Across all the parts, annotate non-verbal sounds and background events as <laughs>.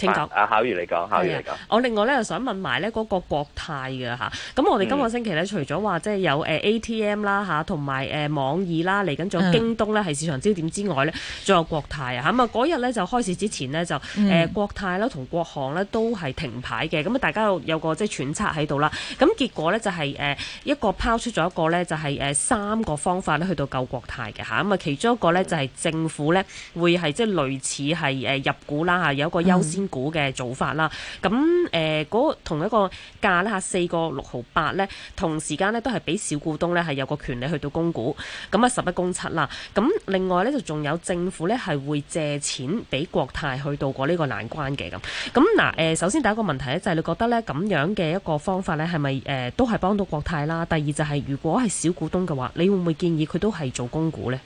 請講，阿巧、啊、如你講，巧如你講。啊、我另外咧又想問埋咧嗰個國泰嘅咁、啊、我哋今個星期咧、嗯、除咗話即係有 ATM 啦同埋誒網易啦，嚟緊仲有京東咧係、嗯、市場焦點之外咧，仲有國泰啊，咁啊嗰日咧就開市之前咧就誒、嗯、國泰啦同國航咧都係停牌嘅，咁啊大家有有個即係揣測喺度啦。咁、啊、結果咧就係、是、誒一個拋出咗一個咧就係三個方法咧去到救國泰嘅，咁啊其中一個咧就係政府咧會係即係類似係入股啦、啊、有一個優先。股嘅做法啦，咁誒嗰同一個價咧嚇四個六毫八咧，同時間咧都係俾小股東咧係有個權利去到供股，咁啊十一供七啦，咁另外咧就仲有政府咧係會借錢俾國泰去度過呢個難關嘅咁，咁嗱誒，首先第一個問題咧就係你覺得咧咁樣嘅一個方法咧係咪誒都係幫到國泰啦？第二就係如果係小股東嘅話，你會唔會建議佢都係做供股咧？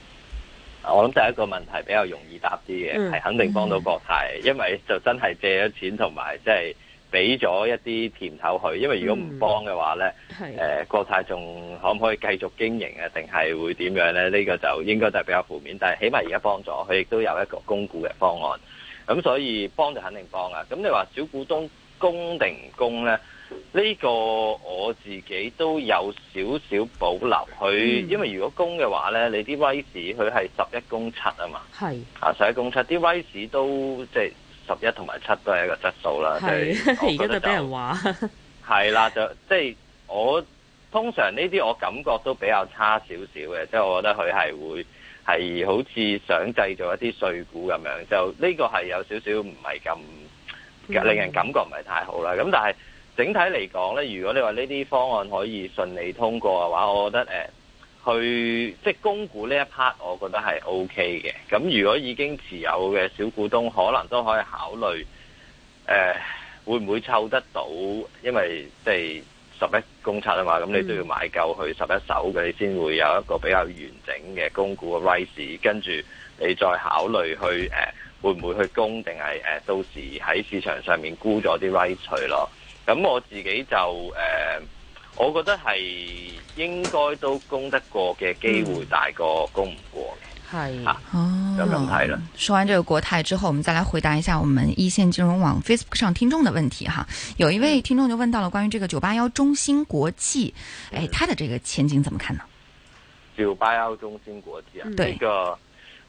我諗第一個問題比較容易答啲嘅，係、嗯、肯定幫到國泰，嗯、因為就真係借咗錢同埋，即係俾咗一啲甜頭佢。因為如果唔幫嘅話咧，誒，國泰仲可唔可以繼續經營啊？定係會點樣咧？呢、這個就應該就係比較負面，但係起碼而家幫咗，佢亦都有一個供股嘅方案。咁所以幫就肯定幫啊！咁你話小股東？供定供呢，呢、呢個我自己都有少少保留佢，嗯、因為如果供嘅話呢，你啲威士佢係十一供七啊嘛，係是啊，十一供七啲威士都即係十一同埋七都係一個質數啦。係是，而家就俾人話係啦，就即係我通常呢啲我感覺都比較差少少嘅，即係 <laughs> 我覺得佢係會係好似想製造一啲稅股咁樣，就呢個係有少少唔係咁。令人感覺唔係太好啦，咁但係整體嚟講呢，如果你話呢啲方案可以順利通過嘅話，我覺得、呃、去即係供股呢一 part，我覺得係 OK 嘅。咁如果已經持有嘅小股東，可能都可以考慮誒、呃，會唔會湊得到？因為即係十一公測啊嘛，咁你都要買夠去十一手嘅，你先會有一個比較完整嘅供股嘅 rise，跟住你再考慮去、呃會唔會去供定係誒，到時喺市場上面沽咗啲 rights 咯？咁我自己就誒、呃，我覺得係應該都供得過嘅機會大過供不過供唔過嘅。係、嗯，哦，咁樣睇啦。說完這個國泰之後，我們再來回答一下我們一線金融網 Facebook 上聽眾的問題哈、啊。有一位聽眾就問到了關於這個九八幺中芯國際，誒、嗯，它、哎、的這個前景怎麼看呢？九八幺中芯國際啊，呢個。